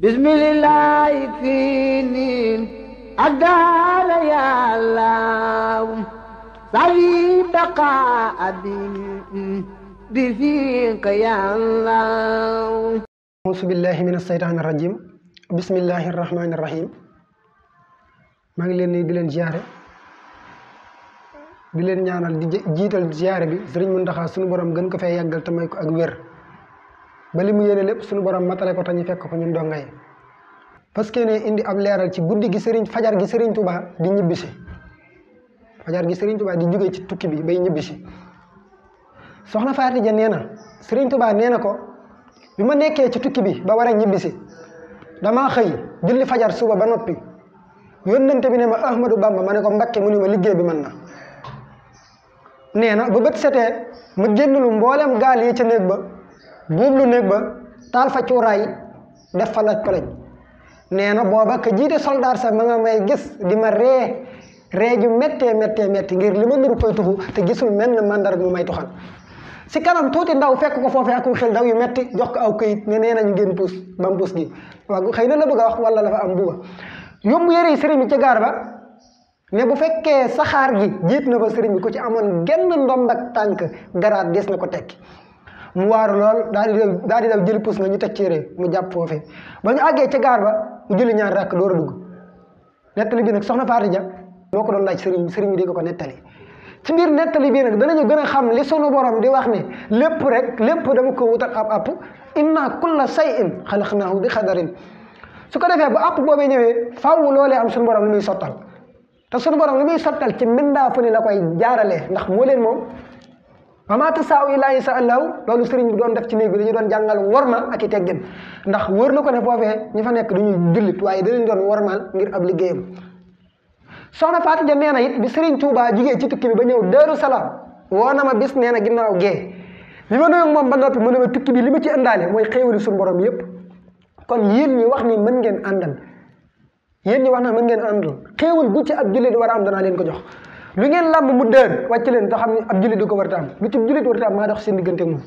bismillah fii niin ak daala yàllaaw sawi baqa abi bi fiiq yàllaaw ausu billahi min alseytaan irrajim bismillahi irrahmani irrahim maa ngi leen nuyu di leen ziyaare di leen ñaanal di jiital ziyaare bi sëriñ Muntaxa sunu borom gën ko fee yàggal te ko ak wér ba li mu yéene lépp suñu borom matale ko te ñu fekk ko ñun donga yi parce que ne indi ab leeral ci guddi gi sëriñ fajar gi sëriñ Tuubaa di ñibbisi fajar gi sëriñ tubaa di jóge ci tukki bi bay ñibbisi soxna Faati Ja nee na sëriñ Tuubaa nee na ko bi ma nekkee ci tukki bi ba war a ñibbisi damaa xëy julli fajar suba ba noppi yónnante bi ne ma Ahmadou Bamba ma ne ko Mbakke mu ne ma liggéey bi mën na nee na ba bët setee ma génn lu mboolem gaal yi ca néeg ba lu néeg ba taal fa cuuraay def fa laj koloj nee na booba ka jiite soldaar sax ma nga may gis di ma ree ree ju méttee méttee métti ngir li ma nuru koy tuxu te gisul menn mandar mu may tuxal si kanam tuuti ndaw fekk ko foofee ak xel daw yu metti jox ko aw këyit ne nee nañu ngeen puus ba mu puus gi waaw xëy na la bëgg a wax wala la fa am buuba yóbbu yëre yi sëriñ bi ci gaar ba ne bu fekkee saxaar gi jiit na ba sëriñ bi ku ci amoon genn ndomb ak tànk garaat des na ko tekki mu waaru lool daal di daal di daw nga ñu teg céere mu jàpp foofee ba ñu àggee ca gaar ba mu julli ñaar rakk door a dugg nettali bi nag soxna Fatou Dia moo ko doon laaj sëriñ sëriñ bi dégg ko nettali ci biir nettali bi nag danañu gën a xam li sunu borom di wax ne lépp rek lépp dama ko wutal ab app inna kulla naa xalaqnaahu bi xadarin su ko defee ba app boobee ñëwee faw loole am sunu borom li muy sottal te sunu borom li muy sottal ci mbindaa daa ni la koy jaaralee ndax moo wamaata saa u ilaa insha allahu loolu sëriñ bi doon def ci néeg bi dañu doon jàngal worma ak i teggin ndax wóor na ko ne foofee ñu fa nekk duñuy jullit waaye dañu doon wormaal ngir ab liggéeyam soxna Fatou Dia nee na it sëriñ Touba jugee ci tukki bi ba ñëw Daaru Salaam woo na ma bis nee na ginnaaw gee bi ma nuyoo moom ba noppi mu ne ma tukki bi li ma ci indaale mooy xéewali suñu borom yépp kon yéen ñi wax ni mën ngeen àndal yéen ñi wax na mën ngeen àndal xéewal bu ci ab jullit war a danaa leen ko jox lu ngeen làmb mu dër wàcc leen te xam ne ab jullit du ko warta am lu ci jullit warta am maa dox seen diggante moom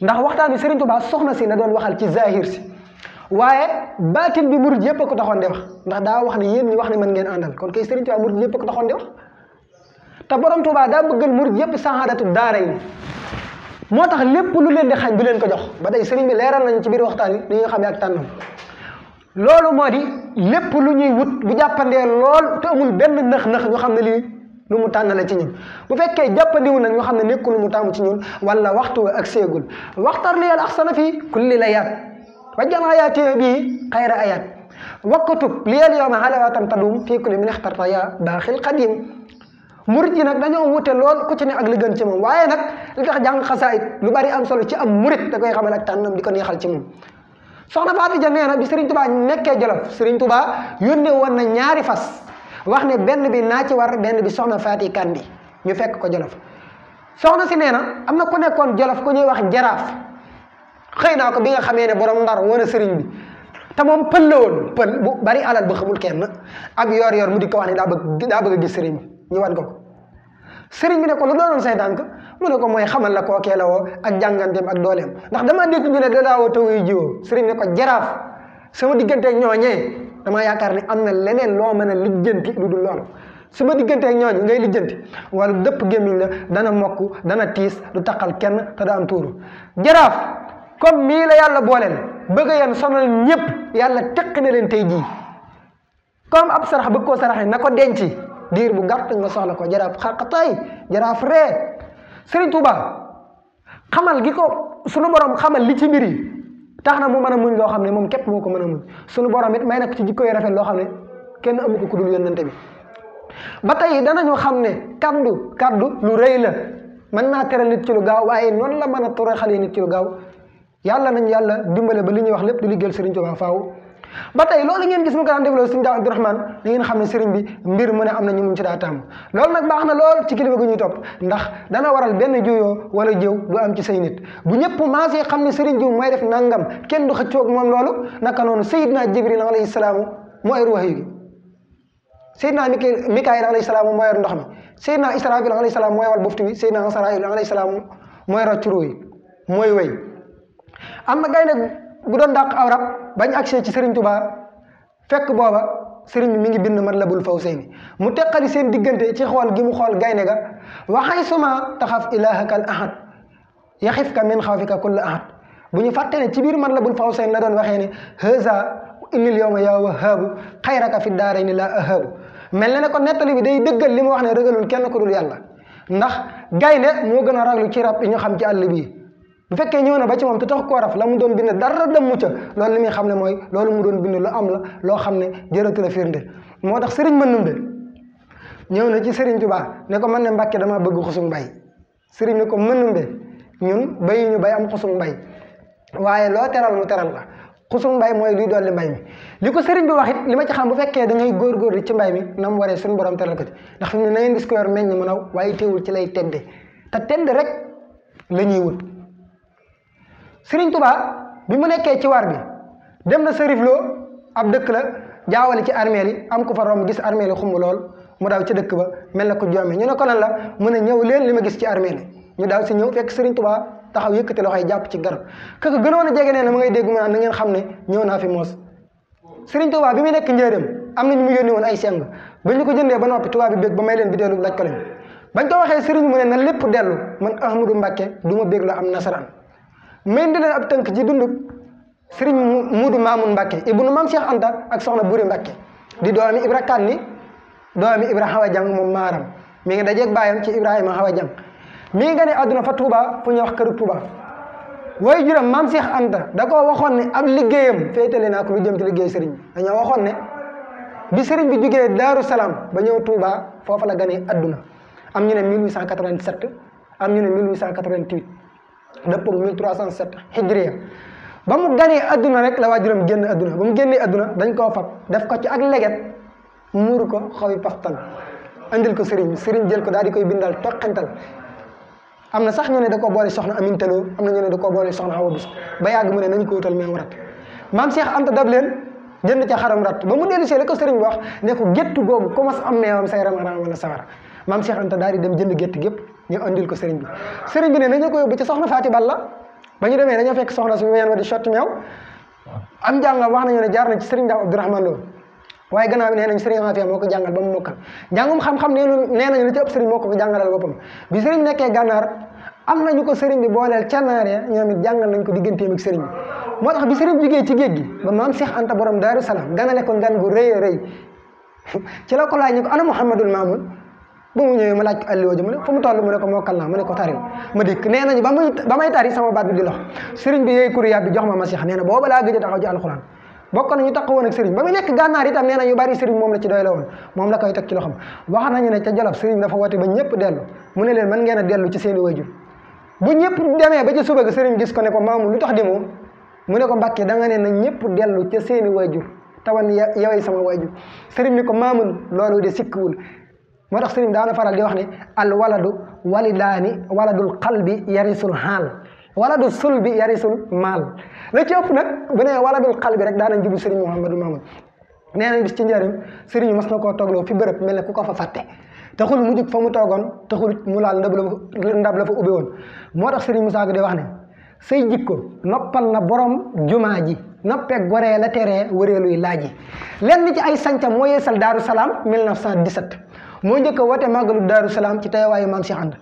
ndax waxtaan bi Serigne Touba soxna si la doon waxal ci zahir si waaye baatin bi murid yëpp a ko taxoon di wax ndax daa wax ne yéen ñi wax ne mën ngeen àndal kon kay Serigne Touba murid yëpp a ko taxoon di wax te borom Touba daa bëggal murid yëpp saxaadatu daara yi moo tax lépp lu leen di xañ du leen ko jox ba tey Serigne bi leeral nañu ci biir waxtaan yi li nga xam ne ak tànnam loolu moo di lépp lu ñuy wut bu jàppandee lool te amul benn nëx-nëx ñu xam ne lii lu mu tànn la ci ñun bu fekkee jàppandiwu nag ñu xam ne nekku lu mu tàmm ci ñun walla waxtu wa ak seegul waxtar liyal axsana fii kulli la yaat wajjal ayaati bii xayra ayaat wakkatub liyal yowma ala waatam tadum fii kulli min ixtarta yaa baaxil qadim murit yi nag dañoo wute lool ku ci ne ak li gën ci moom waaye nag li tax jàng xasaayit lu bari am solo ci am murit da koy xamal ak tànnam di ko neexal ci moom soxna Faati Ja nee na bi Serigne Touba nekkee Jolof Serigne Touba yónnee woon na ñaari fas wax ne benn bi naa ci war benn bi soxna Faati Kandi ñu fekk ko Jolof soxna si nee na am na ku nekkoon Jolof ku ñuy wax jaraaf xëy naa ko bi nga xamee ne borom ndar woon a Serigne bi te moom pël la woon pël bari alal bu xamul kenn ak yor-yor mu di ko wax ne daa bëgg daa bëgg a gis Serigne ñu wan ko ko Serigne bi ne ko lu doonoon say tànk mu ne ko mooy xamal la kookee la woo ak jànganteem ak dooleem ndax damaa dégg ñu ne dadaawoo taw yu jiwoo sëriñ ne ko jaraaf sama diggante ñooñee dama yaakaar ni am na leneen loo mën a lijjanti lu dul loolu su ma digganteeg ñooñu ngay lijjanti wala dëpp gémmiñ la dana mokk dana tiis du taqal kenn te da am tuuru jaraaf comme mii la yàlla booleel bëgg yéen sonal ñëpp yàlla teq na leen tey jii comme ab sarax bëgg koo saraxee na ko denc diir bu gàtt nga soxla ko jaraaf xaqataay Serigne Touba xamal gi ko sunu borom xamal li ci mbir yi tax na mu mën a muñ loo xam ne moom képp moo ko mën a muñ sunu borom it may na ko jikko yu rafet loo xam ne kenn amu ko ku dul yónnante bi. ba tey danañu xam ne kaddu kaddu lu rëy la mën naa tere nit ci lu gaaw waaye noonu la mën a toroxalee nit ci lu gaaw yàlla nañ yàlla dimbale ba li ñuy wax lépp di liggéeyal Serigne Touba faaw. ba tey loolu ngeen gis mu ko daan développé suñu daaw Abdourahmane da ngeen xam ne sëriñ bi mbir mu ne am na ñu mun ci daa loolu nag baax na lool ci kilifa gu ñuy topp ndax dana waral benn juyoo wala jiw du am ci say nit bu ñëpp maasee xam ne sëriñ jiw mooy def nangam kenn du xëccoog moom loolu naka noonu Seydina Jibril alayhi salaamu moo yor wax yi Seydina Mikaayil alayhi salaamu moo ndox mi Seydina Israafil alayhi salaam mooy wal buftu bi Seydina Asraayil alayhi salaamu mooy rocc ruuy mooy wéy am na bu doon dàq aw rab bañ agsee ci Serigne Touba fekk booba Serigne bi mi ngi bind Matlabul Fawzayni mu teqali seen diggante ci xool gi mu xool gaynde ga waxay suma taxaf ilaahaka al ahad yaxifka min xawfika kull ahad bu ñu fàtte ne ci biir la Matlabul Fawzayni la doon waxee ne haza innil yawma yaa wahaabu xayraka fi daarayni laa ahaabu mel na ne ko nettali bi day dëggal li mu wax ne ragalul kenn ku dul yàlla ndax gaynde moo gën a raglu ci rab yi ñu xam ci àll bii bu fekkee ñëw na ba ci moom te tax koo raf la mu doon bind dara dem ca loolu li xam ne mooy loolu mu doon bind lu am la loo xam ne jërëtu la firnde moo tax sëriñ Mandumbe ñëw na ci sëriñ Tuubaa ne ko man ne Mbàkke dama bëgg xusum mbay sëriñ ne ko Mandumbe ñun bayi bay am xusum mbay waaye loo teral teral la xusum mbay mooy luy dolli mbay mi li ko sëriñ bi wax it li ma ci xam bu fekkee dañuy góorgóorlu ci mbay mi na mu waree suñu borom teral ko ndax fi mu ne na ngeen gis ko yor meññ mu naw waaye teewul ci lay tedde te tedd rek la ñuy Sëriñ Tuubaa bi mu nekkee ci war bi dem na loo ab dëkk la jaawale ci armeel yi am ku fa mu gis armeel yi xumb lool mu daw ci dëkk ba mel na ko joome ñu ne ko lan la mu ne ñëw leen li ma gis ci armeel yi ñu daaw si ñëw fekk Sëriñ Tuubaa taxaw yëkkati loxoy jàpp ci garab kooku gënoon a jege nee na mu ngay dégg mu naan na ngeen xam ne ñëw naa fi moos Sëriñ Tuubaa bi mu nekk njëriñam am na ñu mu yónni woon ay seng ba ñu ko jëndee ba noppi tubaab bi bég ba may leen bideelu laaj ko leen bañ ko waxee sëriñ mu ne na lépp dellu man Ahmadou Mbacke du ma bég la am nasaraan mën di leen ab tënk ci dundub sëriñ Muudu Maamun Mbàkke ibnu Maam Cheikh Anta ak soxna Buri Mbàkke di doomi Ibra Kanni doomi Ibra Xawa Jang moom maaram mi ngi dajeeg baayam ci Ibrahima Xawa Jang mi ngi gane àdduna fa Touba fu ñuy wax këru Touba waaye juróom Maam Cheikh Anta da koo waxoon ne ab liggéeyam féetale naa ko lu jëm ci liggéey sëriñ bi dañoo waxoon ne bi sëriñ bi jugee Daaru Salaam ba ñëw Touba foofu la gane àdduna am ñu ne 1887 am ñu ne dëppoo 1307 hijriya ba mu ganee adduna rek la waajuram génn adduna ba mu génnee adduna dañ koo fab def ko ci ak leget muur ko xawi paxtan andil ko sëriñ sëriñ jël ko daal di koy bindal toqantal am na sax ñu ne da koo boole soxna Amin Talo am na ñu ne da ko boole soxna Awa Bousso ba yàgg mu ne nañ ko wutal meew rat maam leen jënd ca xaram rat ba mu dellu ko sëriñ bi ne ko gétt googu commence am meewam say ram aram wala maam Cheikh Anta daal di dem jënd gétt gépp ñu andil ko sëriñ bi sëriñ bi ne nañu ko yóbbu ci soxna Faati Balla ba ñu demee dañoo fekk soxna su ween wa di sotti meew am jàngal wax nañu ne jaar na ci sëriñ Daaw Abdourahman loolu waaye gannaaw bi nee nañ sëriñ Afia moo ko jàngal ba mu mokkal jàngum xam-xam nee nañu lu moo ko ko jàngalal boppam bi sëriñ nekkee gànnaar am nañu ko sëriñ bi booleel ca naar ya ñoom it nañ ko digganteem ak sëriñ bi moo tax bi sëriñ jógee ci géej gi ba maam Cheikh Anta borom Daaru Salaam ganale ko gan gu rëy a rëy ci la ko laaj ñu ko ana Muhammadul Maamun ba mu ñëwee ma laaj ko alliwa ji mu ne fu mu toll mu ne ko mokkal naa mu ne ko taril ma dikk nee nañu ba muy ba may tari sama baat bi di lox sëriñ bi yeey kuriyaat bi jox ma masix nee na booba laa gëj a taxaw ci alxuraan bokk nañu tax woon ak sëriñ ba muy nekk gànnaar itam nee na ñu bari sëriñ moom la ci doy la woon moom la koy teg ci loxam wax nañu ne ca jolof sëriñ dafa woote ba ñëpp dellu mu ne leen mën ngeen a dellu ci seeni wayjur bu ñëpp demee ba ci suba gi sëriñ gis ko ne ko maamu lu tax di moom mu ne ko mbàkke da nga ne na ñëpp dellu ca seeni wayjur tawan yawey sama wayjur sëriñ ni ko maamun loolu de sikkiwul moo tax sëriñ daana faral di wax ni al waladu walidaani waladul qalbi yarisul xaal waladu sulbi yarisul maal la ci ëpp nag bu nee waladul qalbi rek daanañ jublu sëriñ Mouhamadou Mamoun nee nañ bis ci njëriñ sëriñ mas na koo toogloo fi bërëb mel ne ku ko fa fàtte taxul mu jug fa mu toogoon taxul mu laal ndab la ndab la fa ubbi woon moo tax sëriñ mu Gueye di wax ne say jikko noppal na borom jumaa ji noppee goree la teree wëreeluy laaji lenn ci ay sanca moo yeesal Daaru Salaam 1917 moo njëkk a woote màggalu daaru salaam ci teewaayu maam Cheikh Anta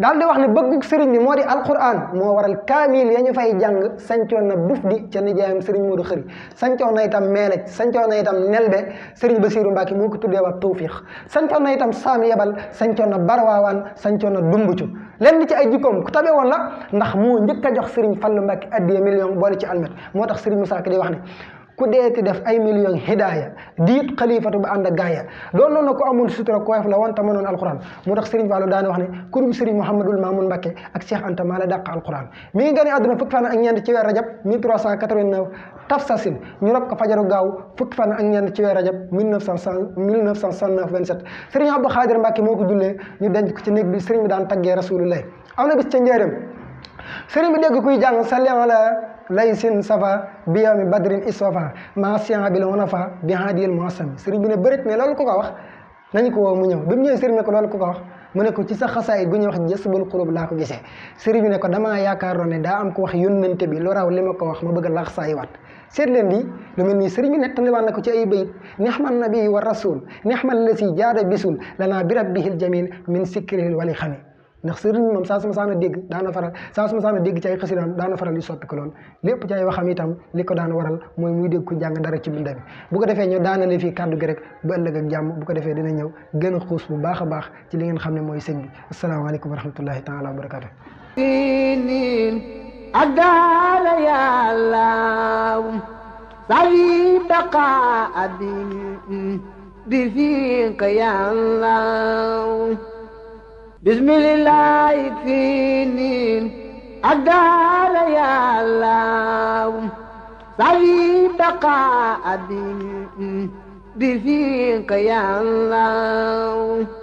daal di wax ne bëggu sëriñ bi moo di alquran moo waral kaamil ya ñu fay jàng sancoon na buf di ca nijaayam sëriñ Modou Xëri sancoon na itam Meenaj sancoon na itam Nelbe sëriñ Basiiru Mbàkke moo ko tuddee waa Tawfiix sancoon na itam Saam Yabal sancoon na Barwaawaan sancoon na Dumbucu lenn ci ay jikkoom ku tabe woon la ndax mu njëkk jox sëriñ Fallu Mbàkke addiya million boole ci almet moo tax sëriñ Musaa Ka di wax ne ku deeti def ay million hidaaya diit xalifatu ba ànd ak gaaya loolu noonu ko amul sutura ko woyof la woon tamanoon alquran moo tax Serigne Fallou daana wax ne kurub Serigne Mouhamadul ñu rab ko fajaru daan taggee rasulullah am na bis ca njëriñ Serigne bi dégg kuy jàng sallallahu laysin safa bi yawmi badrin iswafa ma sian bil wanafa bi hadiyil muhassami sëriñ bi ne bërit ne loolu ku ko wax nañ ko woo mu ñëw bi mu ñëw sëriñ ne ko loolu ku ko wax mu ne ko ci sa xasaayit gu ñuy wax Jazbul Qulub laa ko gisee sëriñ bi ne ko damaa yaakaaroon ne daa am ko wax yónnante bi lu raw li ma ko wax ma bëgg a lax saayi waat seet leen di lu mel nii sëriñ bi nettaliwaat na ko ci ay bayit nixmal nabi wa rasul nixmal lasi a bisul lanaa bi rabbihil jamil min sikrihil wali xami nax sëriñ moom saa su ma saan daana faral saa su ma saan a dégg ci daana faral yu soppi ko lool lépp ci ay waxam itam li ko daan waral mooy mu dégg ku jàng dara ci bindam bu ko defee ñu daanale fii kàddu gi rek ba ëllëg ak jàmm bu ko defee dina ñëw gën a bu baax baax ci li ngeen xam ne mooy sëñ bi asalaamaaleykum wa rahmatullahi taala wa barakaatu ak daala yàllaaw sawi baqa abin bi fiika yàllaaw bismillah fii niin ak daara yàllaaw sawi baqa abin bi fii ka yàllaaw